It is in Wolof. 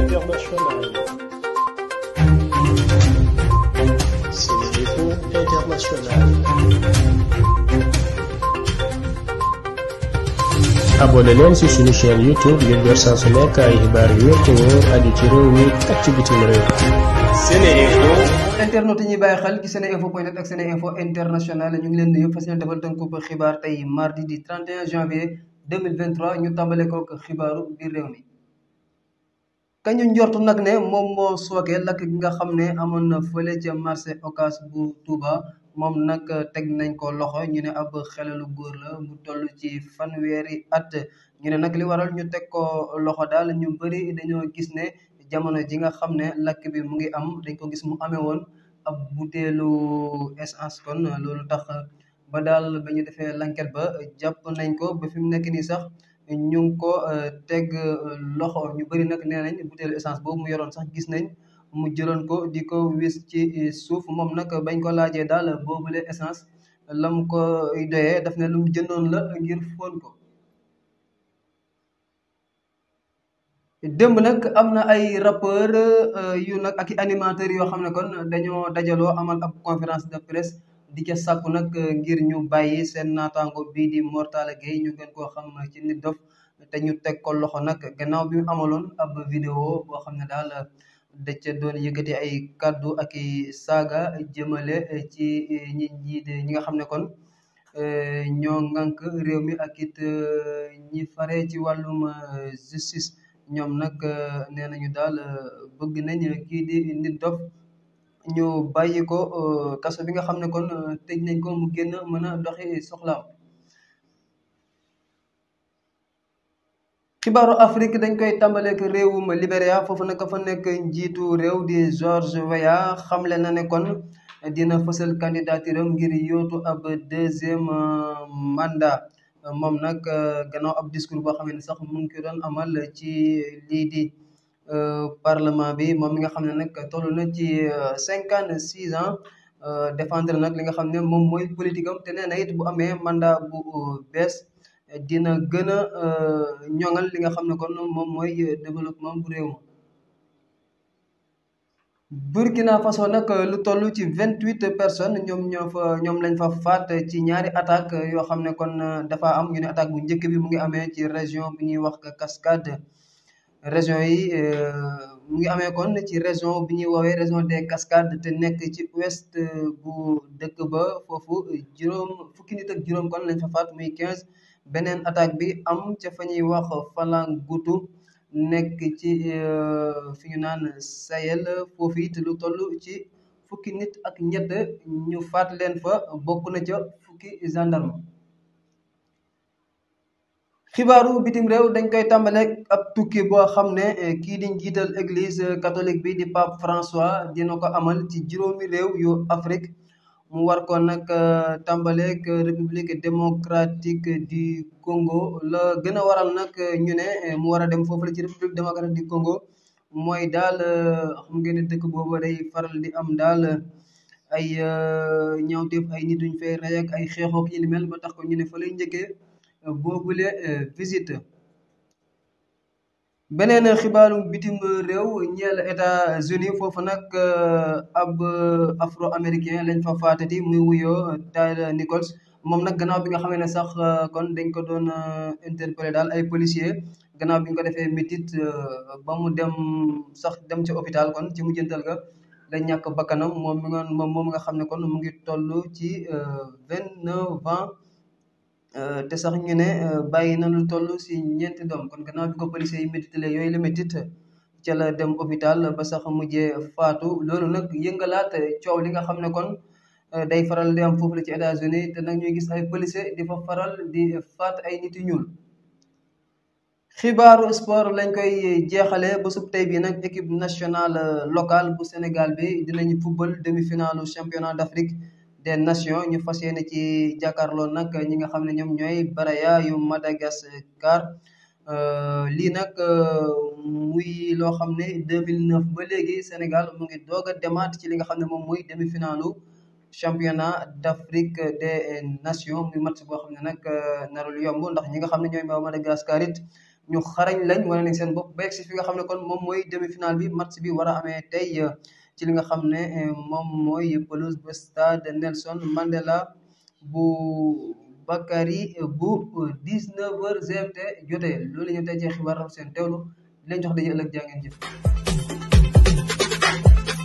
internationale. C'est les internationale. abonné leen ci suñu chaîne YouTube ngir jot saa su nekk ay xibaar yu wér te wóor aju ci réew mi ak ci bitim réew. SeneInfo. internet yi ñuy bàyyi xel ci seneinfo point net ak seneinfo international ñu ngi leen nuyu fas yéene defal tënkub xibaar tey mardi di 31 janvier 2023 ñu tàmbale ko xibaaru biir réew mi. kañu njortu nag ne moom moo sooke lakk bi nga xam ne amoon na fële ca marché Ocass bu Touba moom nag teg nañ ko loxo ñu ne ab xelalu góor la mu toll ci fanweeri at ñu ne nag li waral ñu teg ko loxo daal ñu bari dañoo gis ne jamono ji nga xam ne lakk bi mu ngi am dañ ko gis mu amee woon ab butéelu essence kon loolu tax ba daal ba ñu defee l'enquête ba jàpp nañ ko ba fi mu nekk nii sax ñu ko euh, teg euh, loxo ñu bari nag nee nañ butéelu essence boobu mu yoroon sax gis nañ mu jëloon ko di ko wis ci euh, suuf moom nag bañ ko laajee daal boobule essence lam mu ko doyee daf ne lu jëndoon la ngir fóon ko. dëmb nag am na ay rappeur yu nag ak i yoo xam ne kon dañoo dajaloo amal ab conférence de presse. di ca sàkku nag eh, ngir ñu bàyyi seen naataango bii di Mor Talla ñu gën koo xam ci nit dof te ñu teg ko loxo nag gannaaw bi mu ab vidéo boo xam ne daal eh, da ca doon yëkkati ay kàddu ak i saaga jëmale eh, ci ñi ñi nga xam ne kon ñoo ngànk réew mi ak it ñii fare ci wàllum justice ñoom nag nee nañu daal bëgg nañ kii di nit dof ñu bàyyi ko euh, kaso bi nga xam ne kon euh, tëj nañ ko mu mën a doxi soxlaam xibaaru Afrique dañ koy tàmbaleek réewum Libéria foofu nag fa nekk njiitu réew di George Weah xamle na ne kon dina fësal candidature ngir yootu ab deuxième euh, mandat moom nag gannaaw ab discours boo sax mu ngi amal ci lii di. Euh, parlement bi moom mi nga xam ne nag toll na ci euh, cinquante six ans euh, défendre nag li nga xam ne moom mooy politique am te nee na it bu amee mandat bu bees dina gën a ñoŋal li nga xam ne kon moom mooy développement bu réew mi Burkina Faso nag lu toll ci vingt huit personnes ñoom ñoo fa ñoom lañ fa faat ci ñaari attaque yoo xam ne kon dafa am ñu ne attaque bu njëkk bi mu ngi amee ci région bu ñuy wax Cascade région yi euh, mu ngi amee kon ci région bi ñuy woowee région des Cascades te nekk ci ouest euh, bu dëkk ba foofu juróom fukki nit ak juróom kon lañ fa faat muy 15 beneen attaque bi am ca fa ñuy wax Falangutu nekk ci euh, fi ñu naan Sahel foofu it lu ci fukki nit ak ñett ñu faat leen fa bokk na ca fukki gendarme. xibaaru bitim réew dañ koy tàmbaleeg ab tukki boo xam ne eh, kii di njiital église eh, catholique bi di pape François dina ko amal ci juróomi réew yu Afrique mu war ko nag eh, tàmbaleeg république démocratique du Congo la gën a waral nag ñu ne mu war a dem foofu la ci république démocratique du Congo mooy daal xam ngeen dëkk boobu day faral di am daal ay ñaawteef ay nit duñ fay rey ak ay xeexook yi ni ba tax ko ñu ne fa lay njëkkee. boobule euh, visite beneen xibaaru bitim réew ñeel États-Unis foofu nag euh, ab euh, afro américain lañ fa faatati muy wuyoo Tyler Nichols moom nag gannaaw bi nga xamee ne sax kon dañ ko doon interpellé daal ay policier gannaaw bi ñu ko defee métit ba mu dem sax dem ci hôpital kon ci mujjantal ga la ñàkk bakkanam moom mi nga nga xam ne kon mu ngi toll ci vingt-neuf ans Euh, te sax ngi ne euh, bàyyi na lu toll si ñeenti doom kon gannaaw bi ko policiers yi métitale yooyu la métit ca la dem hôpital ba sax mujjee faatu loolu nag yëngalaat coow li nga xam ne kon euh, day faral di am foofu la ci États-Unis te nag ñuy gis ay policiers di fa faral di faat ay nit ñuul. xibaaru sport lañ koy jeexale ba sub tey bii nag équipe national local bu Sénégal bi dinañ football demi-finalu championnat d'Afrique. des nations ñu fas yéene ci jàkkaarloo nag ñi nga xam ne ñoom ñooy baraya yu Madagascar euh, lii nag euh, muy loo xam ne 2009 ba léegi Sénégal mu ngi doog a demaat ci li nga xam ne moom mooy demi-finalu championnat d'Afrique des nations muy match boo xam ne nag euh, narul yomb ndax ñi nga xam ne ñooy waa Madagascar it ñu xarañ lañ wane nañ seen bopp beeg si fi nga xam ne kon moom mooy demi-finale bi match bi war a amee tey. ci li nga xam ne eh, moom mooy pelouse bu stade Nelson Mandela bu Bakary bu 19h GMT jotee loolu la ñu tey ci xibaar seen teewlu di leen jox dañuy ëllëg jaa ngeen